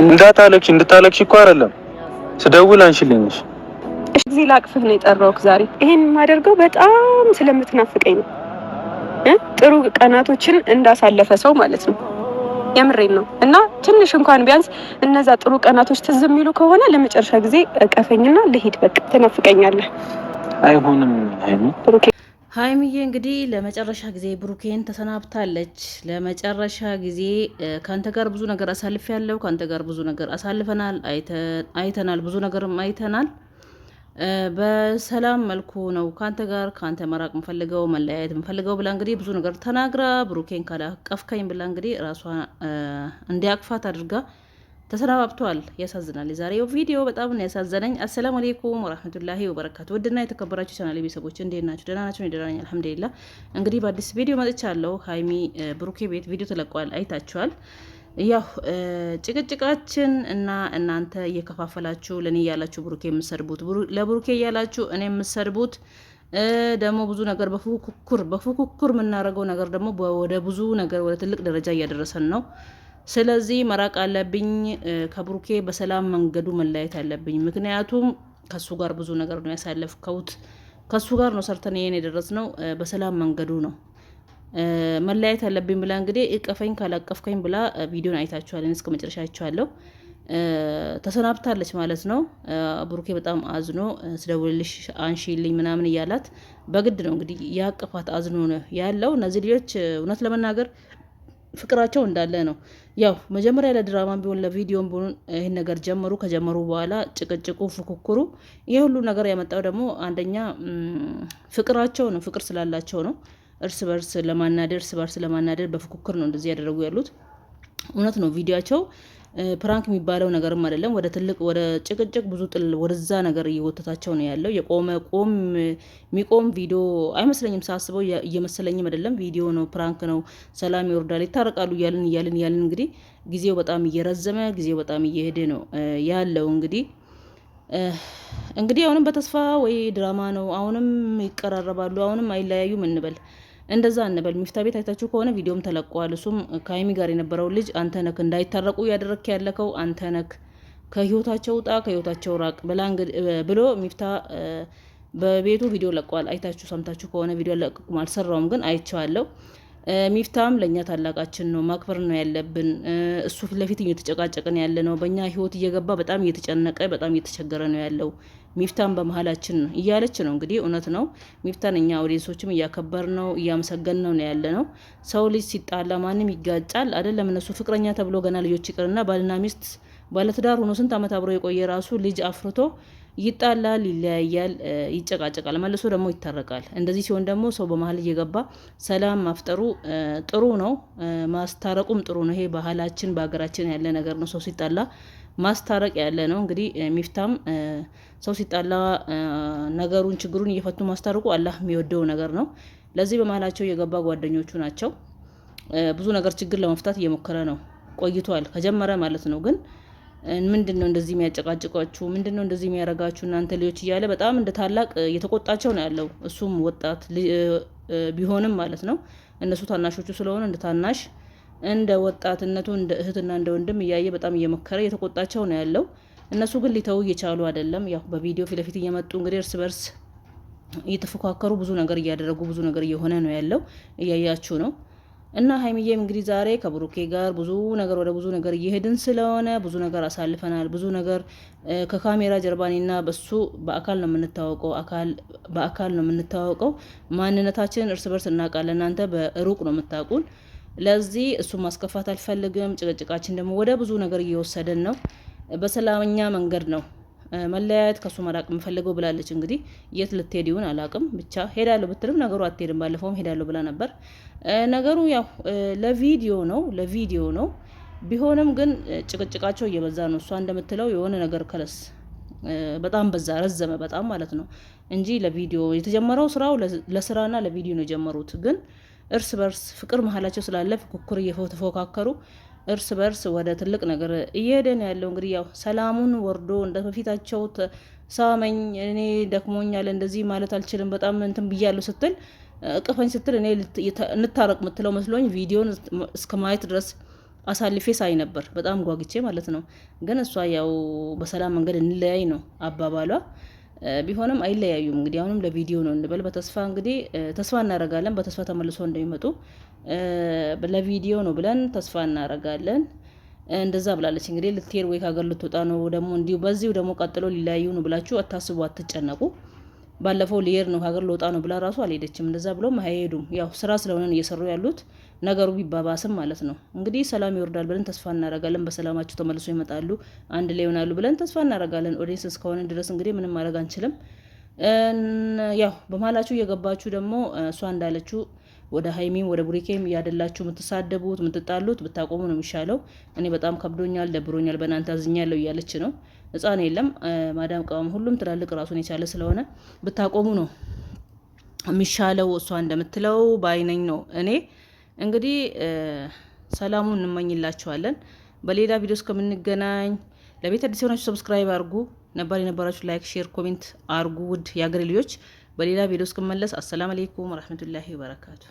እንዳታለቅሽ እንድታለቅሽ እኮ አይደለም ስደውል አንሽልኝሽ። እሺ ጊዜ ላቅፍህ ነው የጠራሁት ዛሬ። ይሄን የማደርገው በጣም ስለምትናፍቀኝ ነው። ጥሩ ቀናቶችን እንዳሳለፈ ሰው ማለት ነው። የምሬን ነው። እና ትንሽ እንኳን ቢያንስ እነዛ ጥሩ ቀናቶች ትዝ የሚሉ ከሆነ ለመጨረሻ ጊዜ ቀፈኝና ልሂድ። በቃ ትናፍቀኛለህ። አይሆንም አይሆንም። ሀይሚዬ እንግዲህ ለመጨረሻ ጊዜ ብሩኬን ተሰናብታለች። ለመጨረሻ ጊዜ ከአንተ ጋር ብዙ ነገር አሳልፍ ያለው ከአንተ ጋር ብዙ ነገር አሳልፈናል፣ አይተናል፣ ብዙ ነገርም አይተናል። በሰላም መልኩ ነው ከአንተ ጋር ከአንተ መራቅ ምፈልገው መለያየት ምፈልገው ብላ እንግዲህ ብዙ ነገር ተናግራ ብሩኬን ካላቀፍከኝ ብላ እንግዲህ ራሷ እንዲያቅፋት አድርጋ ተሰናባብተዋል። ያሳዝናል። የዛሬው ቪዲዮ በጣም ነው ያሳዘነኝ። አሰላሙ አሌይኩም ወራህመቱላሂ ወበረካቱ። ውድና የተከበራችሁ ቻናል ቤተሰቦች እንዴት ናችሁ? ደህና ናችሁ? ደህና ነኝ አልሐምዱሊላህ። እንግዲህ በአዲስ ቪዲዮ መጥቻለሁ። ሀይሚ ብሩኬ ቤት ቪዲዮ ተለቋል፣ አይታችኋል። ያው ጭቅጭቃችን እና እናንተ እየከፋፈላችሁ ለእኔ እያላችሁ ብሩኬ የምትሰድቡት ለብሩኬ እያላችሁ እኔ የምትሰድቡት ደግሞ ብዙ ነገር በፉክክር በፉክክር የምናደርገው ነገር ደግሞ ወደ ብዙ ነገር ወደ ትልቅ ደረጃ እያደረሰን ነው ስለዚህ መራቅ አለብኝ ከብሩኬ በሰላም መንገዱ መለያየት አለብኝ። ምክንያቱም ከሱ ጋር ብዙ ነገር ነው ያሳለፍከውት፣ ከሱ ጋር ነው ሰርተን ይሄን የደረስነው። በሰላም መንገዱ ነው መለያየት አለብኝ ብላ እንግዲህ እቀፈኝ ካላቀፍከኝ ብላ ቪዲዮን አይታችኋለን። እስከ መጨረሻ አይቼዋለሁ። ተሰናብታለች ማለት ነው። ብሩኬ በጣም አዝኖ ስደውልልሽ አንሺልኝ ምናምን እያላት በግድ ነው እንግዲህ ያቅፋት አዝኖ ነው ያለው። እነዚህ ልጆች እውነት ለመናገር ፍቅራቸው እንዳለ ነው። ያው መጀመሪያ ለድራማም ቢሆን ለቪዲዮም ቢሆን ይህን ነገር ጀመሩ። ከጀመሩ በኋላ ጭቅጭቁ፣ ፉክክሩ፣ ይህ ሁሉ ነገር ያመጣው ደግሞ አንደኛ ፍቅራቸው ነው። ፍቅር ስላላቸው ነው። እርስ በርስ ለማናደር እርስ በርስ ለማናደር በፉክክር ነው እንደዚህ ያደረጉ ያሉት። እውነት ነው ቪዲዮቸው ፕራንክ የሚባለው ነገርም አይደለም። ወደ ትልቅ ወደ ጭቅጭቅ ብዙ ጥል ወደዛ ነገር እየወተታቸው ነው ያለው። የቆመ ቆም የሚቆም ቪዲዮ አይመስለኝም ሳስበው፣ እየመሰለኝም አይደለም። ቪዲዮ ነው፣ ፕራንክ ነው፣ ሰላም ይወርዳል፣ ይታረቃሉ እያልን እያልን እያልን እንግዲህ ጊዜው በጣም እየረዘመ ጊዜው በጣም እየሄደ ነው ያለው እንግዲህ እንግዲህ አሁንም በተስፋ ወይ ድራማ ነው፣ አሁንም ይቀራረባሉ፣ አሁንም አይለያዩም እንበል። እንደዛ እንበል። ሚፍታ ቤት አይታችሁ ከሆነ ቪዲዮም ተለቋል። እሱም ከሀይሚ ጋር የነበረው ልጅ አንተነክ እንዳይታረቁ እያደረክ ያለከው አንተነክ፣ ከህይወታቸው ውጣ፣ ከህይወታቸው ራቅ ብሎ ሚፍታ በቤቱ ቪዲዮ ለቋል። አይታችሁ ሰምታችሁ ከሆነ ቪዲዮ ለቅቁም አልሰራውም፣ ግን አይቼዋለሁ። ሚፍታም ለእኛ ታላቃችን ነው፣ ማክበር ነው ያለብን። እሱ ፊት ለፊት እየተጨቃጨቅን ያለ ነው፣ በእኛ ህይወት እየገባ በጣም እየተጨነቀ በጣም እየተቸገረ ነው ያለው። ሚፍታን በመሀላችን እያለች ነው። እንግዲህ እውነት ነው ሚፍታን እኛ አውዲንሶችም እያከበር ነው እያመሰገን ነው ነው ያለ ነው። ሰው ልጅ ሲጣላ ማንም ይጋጫል አይደለም። እነሱ ፍቅረኛ ተብሎ ገና ልጆች ይቅርና ባልና ሚስት ባለትዳር ሆኖ ስንት ዓመት አብሮ የቆየ ራሱ ልጅ አፍርቶ ይጣላል፣ ይለያያል፣ ይጨቃጨቃል፣ መልሶ ደግሞ ይታረቃል። እንደዚህ ሲሆን ደግሞ ሰው በመሀል እየገባ ሰላም ማፍጠሩ ጥሩ ነው፣ ማስታረቁም ጥሩ ነው። ይሄ ባህላችን በሀገራችን ያለ ነገር ነው። ሰው ሲጣላ ማስታረቅ ያለ ነው። እንግዲህ ሚፍታም ሰው ሲጣላ ነገሩን ችግሩን እየፈቱ ማስታረቁ አላህ የሚወደው ነገር ነው። ለዚህ በመሀላቸው የገባ ጓደኞቹ ናቸው። ብዙ ነገር ችግር ለመፍታት እየሞከረ ነው ቆይቷል፣ ከጀመረ ማለት ነው። ግን ምንድን ነው እንደዚህ የሚያጨቃጭቋችሁ? ምንድን ነው እንደዚህ የሚያረጋችሁ እናንተ ልጆች እያለ በጣም እንደ ታላቅ እየተቆጣቸው ነው ያለው። እሱም ወጣት ቢሆንም ማለት ነው እነሱ ታናሾቹ ስለሆነ እንደ ታናሽ እንደ ወጣትነቱ እንደ እህትና እንደ ወንድም እያየ በጣም እየመከረ እየተቆጣቸው ነው ያለው። እነሱ ግን ሊተው እየቻሉ አይደለም። ያው በቪዲዮ ፊት ለፊት እየመጡ እንግዲህ እርስ በርስ እየተፎካከሩ ብዙ ነገር እያደረጉ ብዙ ነገር እየሆነ ነው ያለው። እያያችሁ ነው። እና ሀይሚዬም እንግዲህ ዛሬ ከብሩኬ ጋር ብዙ ነገር ወደ ብዙ ነገር እየሄድን ስለሆነ ብዙ ነገር አሳልፈናል። ብዙ ነገር ከካሜራ ጀርባኔና በሱ በአካል ነው የምንታወቀው፣ በአካል ነው የምንታወቀው። ማንነታችንን እርስ በርስ እናውቃለን። እናንተ በሩቅ ነው የምታውቁን ለዚህ እሱ ማስከፋት አልፈልግም። ጭቅጭቃችን ደግሞ ወደ ብዙ ነገር እየወሰደን ነው። በሰላምኛ መንገድ ነው መለያየት ከሱ መራቅ የምፈልገው ብላለች። እንግዲህ የት ልትሄድ ይሆን አላቅም። ብቻ ሄዳለሁ ብትልም ነገሩ አትሄድም። ባለፈውም ሄዳለሁ ብላ ነበር። ነገሩ ያው ለቪዲዮ ነው ለቪዲዮ ነው ቢሆንም ግን ጭቅጭቃቸው እየበዛ ነው። እሷ እንደምትለው የሆነ ነገር ከለስ በጣም በዛ ረዘመ፣ በጣም ማለት ነው እንጂ ለቪዲዮ የተጀመረው ስራው ለስራና ለቪዲዮ ነው የጀመሩት ግን እርስ በርስ ፍቅር መሀላቸው ስላለ ፉክክር እየተፎካከሩ እርስ በርስ ወደ ትልቅ ነገር እየሄደን ያለው እንግዲህ ያው ሰላሙን ወርዶ እንደ በፊታቸው ሳመኝ፣ እኔ ደክሞኛል፣ እንደዚህ ማለት አልችልም፣ በጣም እንትን ብያለሁ ስትል እቅፈኝ ስትል እኔ እንታረቅ የምትለው መስሎኝ ቪዲዮን እስከ ማየት ድረስ አሳልፌ ሳይ ነበር፣ በጣም ጓግቼ ማለት ነው። ግን እሷ ያው በሰላም መንገድ እንለያይ ነው አባባሏ። ቢሆንም አይለያዩም። እንግዲህ አሁንም ለቪዲዮ ነው እንበል። በተስፋ እንግዲህ ተስፋ እናረጋለን፣ በተስፋ ተመልሶ እንደሚመጡ ለቪዲዮ ነው ብለን ተስፋ እናረጋለን። እንደዛ ብላለች እንግዲህ ልትሄድ ወይ ከሀገር ልትወጣ ነው ደግሞ እንዲሁ በዚሁ ደግሞ ቀጥሎ ሊለያዩ ነው ብላችሁ አታስቡ፣ አትጨነቁ። ባለፈው ሊሄድ ነው ሀገር ልወጣ ነው ብላ ራሱ አልሄደችም። እንደዛ ብሎም አይሄዱም። ያው ስራ ስለሆነ እየሰሩ ያሉት ነገሩ ቢባባስም ማለት ነው። እንግዲህ ሰላም ይወርዳል ብለን ተስፋ እናረጋለን። በሰላማቸው ተመልሶ ይመጣሉ፣ አንድ ላይ ይሆናሉ ብለን ተስፋ እናረጋለን። ኦዲንስ እስከሆነ ድረስ እንግዲህ ምንም ማድረግ አንችልም። ያው በመሀላችሁ እየገባችሁ ደግሞ እሷ እንዳለችው ወደ ሀይሚም ወደ ቡሪኬም እያደላችሁ የምትሳደቡት የምትጣሉት ብታቆሙ ነው የሚሻለው። እኔ በጣም ከብዶኛል፣ ደብሮኛል፣ በእናንተ አዝኛለሁ እያለች ነው ህፃን የለም ማዳም ቅመም ሁሉም ትላልቅ ራሱን የቻለ ስለሆነ ብታቆሙ ነው የሚሻለው። እሷ እንደምትለው በአይነኝ ነው። እኔ እንግዲህ ሰላሙን እንመኝላችኋለን። በሌላ ቪዲዮ እስከምንገናኝ ለቤት አዲስ የሆናችሁ ሰብስክራይብ አርጉ፣ ነባር የነበራችሁ ላይክ፣ ሼር፣ ኮሜንት አርጉ። ውድ የአገሬ ልጆች በሌላ ቪዲዮ እስክመለስ አሰላም አሌይኩም ወረህመቱላሂ ወበረካቱ።